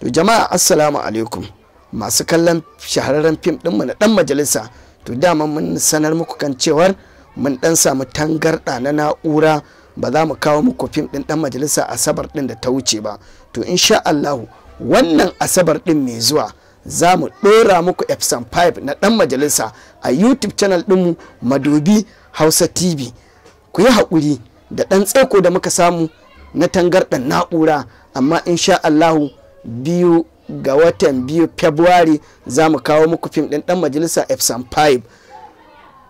to jama'a assalamu alaikum masu kallon shahararren fim ɗinmu na ɗan majalisa to dama mun sanar muku kan cewar mun ɗan samu tangarɗa na na'ura ba za mu kawo muku fim ɗin ɗan majalisa asabar ɗin da ta wuce ba to insha Allahu wannan asabar ɗin mai zuwa za mu ɗora muku epson 5 na ɗan majalisa a youtube channel ɗinmu madobi hausa tv ku yi haƙuri da ɗan tsako da muka samu na tangarɗan na'ura amma insha Allah biyu ga watan biyu february za mu kawo muku fim ɗin dan majalisa epsom 5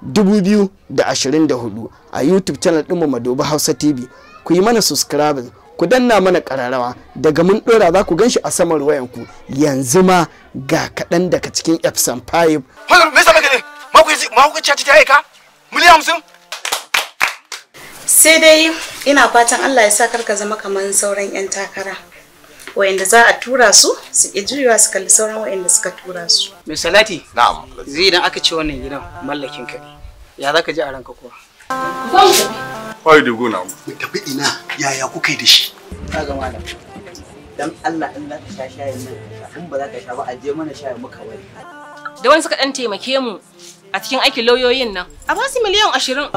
2024 a youtube channel ɗinmu madoba hausa tv ku yi mana subscribe ku danna mana kararrawa daga mun ɗora za ku ganshi a saman wayanku yanzu ma ga kaɗan daga cikin epson 5 hola me sama gane ma ku ma ku ci ta aika miliyan 50 sai dai ina fatan Allah ya sa karka zama kamar sauran 'yan takara wa'inda za a tura su su ke juyawa su kalli sauran wa'inda suka tura su. Mai salati? Na'am. Zai idan aka ce wannan gidan mallakin ka ne. Ya za ka ji a ranka kuwa? Kwai da guna. mu. Mu tafi ina yaya kuka yi da shi? Ka ga malam. Dan Allah in za ka sha shayin nan in ba za ka sha ba a je mana shayin muka wani. Da wani suka ɗan taimake mu a cikin aikin lauyoyin nan a basu miliyan ashirin.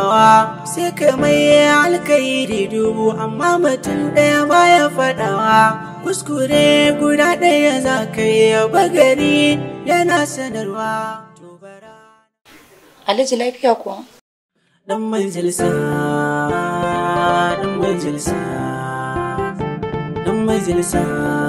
Sai ka mai alkairi dubu amma mutum ɗaya baya faɗawa. kuskure guda ɗaya za ka yi bagari yana sanarwa Alhaji lafiya kuwa? Dan majalisa, dan majalisa, dan majalisa.